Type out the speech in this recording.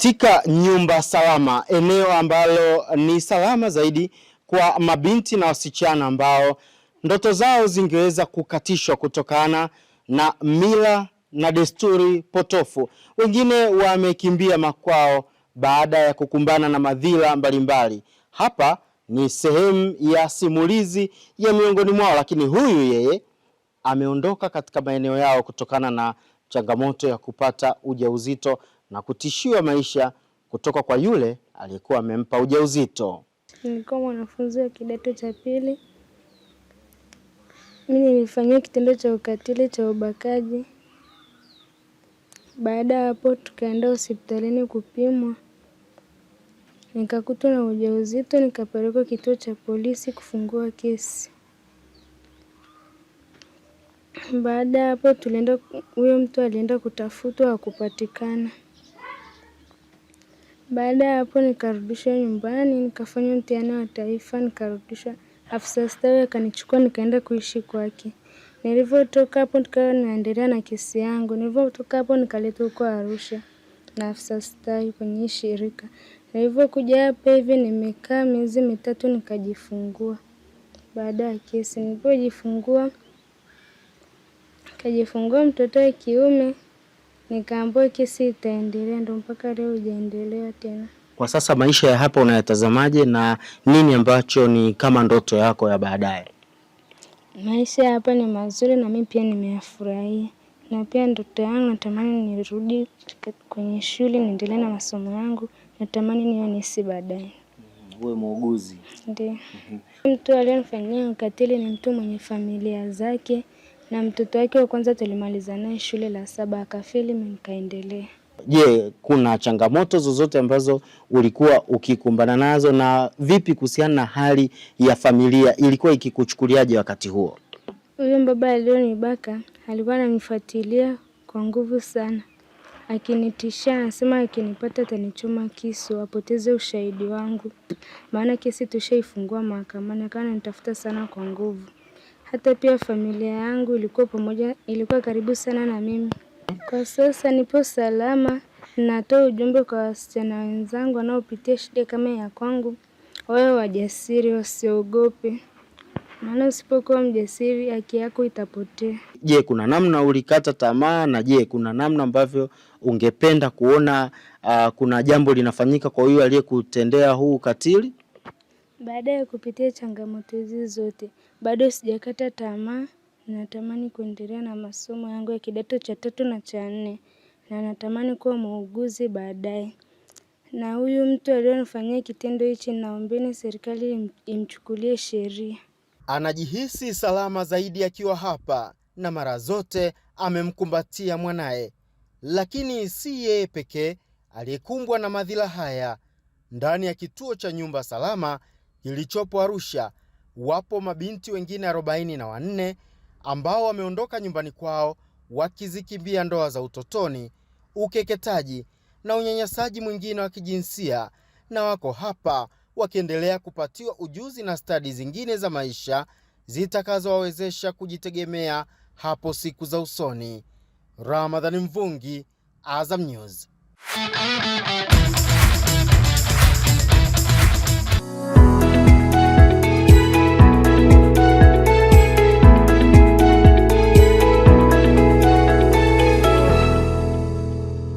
Katika nyumba salama, eneo ambalo ni salama zaidi kwa mabinti na wasichana ambao ndoto zao zingeweza kukatishwa kutokana na mila na desturi potofu. Wengine wamekimbia makwao baada ya kukumbana na madhila mbalimbali. Hapa ni sehemu ya simulizi ya miongoni mwao, lakini huyu yeye ameondoka katika maeneo yao kutokana na changamoto ya kupata ujauzito na kutishiwa maisha kutoka kwa yule aliyekuwa amempa ujauzito. Nilikuwa mwanafunzi wa kidato cha pili. Mimi nilifanyia kitendo cha ukatili cha ubakaji. Baada ya hapo, tukaenda hospitalini kupimwa, nikakutwa na ujauzito, nikapelekwa kituo cha polisi kufungua kesi. Baada ya hapo, tulienda, huyo mtu alienda kutafutwa, hakupatikana. Baada ya hapo nikarudishwa nyumbani, nikafanya mtihani wa taifa, nikarudishwa. Afisa stawi akanichukua nikaenda kuishi kwake. Nilivyotoka hapo nikawa naendelea na kesi yangu. Nilivyotoka hapo nikaletwa huko Arusha na afisa stawi kwenye shirika. Nilivyokuja hapa hivi nimekaa miezi mitatu nikajifungua. Baada ya kesi nilipojifungua, nikajifungua mtoto wa kiume nikaambiwa kesi itaendelea, ndo mpaka leo ijaendelea tena. Kwa sasa maisha ya hapa unayatazamaje, na nini ambacho ni kama ndoto yako ya baadaye? Maisha ya hapa ni mazuri na mimi pia nimeyafurahia, na pia ndoto yangu natamani nirudi kwenye shule niendelee na masomo yangu, natamani niwe nesi baadaye. Wewe mm, muuguzi? Ndio. Mtu aliyemfanyia ukatili ni mtu mwenye familia zake na mtoto wake wa kwanza tulimaliza naye shule la saba akafeli, mimi nikaendelea. Je, kuna changamoto zozote ambazo ulikuwa ukikumbana nazo, na vipi kuhusiana na hali ya familia ilikuwa ikikuchukuliaje wakati huo? Huyo baba alionibaka alikuwa ananifuatilia kwa nguvu sana, akinitishia, anasema akinipata atanichoma kisu, apoteze ushahidi wangu, maana kesi tushaifungua mahakamani. Akawa ananitafuta sana kwa nguvu. Hata pia familia yangu ilikuwa pamoja, ilikuwa karibu sana na mimi. Kwa sasa nipo salama. Natoa ujumbe kwa wasichana wenzangu wanaopitia shida kama ya kwangu, wawe wajasiri, wasiogope, maana usipokuwa mjasiri haki yako itapotea. Je, kuna namna ulikata tamaa? Na je, kuna namna ambavyo ungependa kuona uh, kuna jambo linafanyika kwa huyu aliyekutendea huu ukatili? Baada ya kupitia changamoto hizi zote, bado sijakata tamaa, natamani kuendelea na masomo yangu ya kidato cha tatu na cha nne, na natamani kuwa muuguzi baadaye. Na huyu mtu aliyonifanyia kitendo hichi naombeni serikali imchukulie sheria. Anajihisi salama zaidi akiwa hapa na mara zote amemkumbatia mwanaye. Lakini si yeye pekee aliyekumbwa na madhila haya. Ndani ya kituo cha nyumba salama kilichopo Arusha, wapo mabinti wengine arobaini na wanne ambao wameondoka nyumbani kwao wakizikimbia ndoa za utotoni, ukeketaji na unyanyasaji mwingine wa kijinsia, na wako hapa wakiendelea kupatiwa ujuzi na stadi zingine za maisha zitakazowawezesha kujitegemea hapo siku za usoni. Ramadhani Mvungi, Azam News.